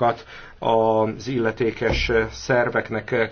adatokat az illetékes szerveknek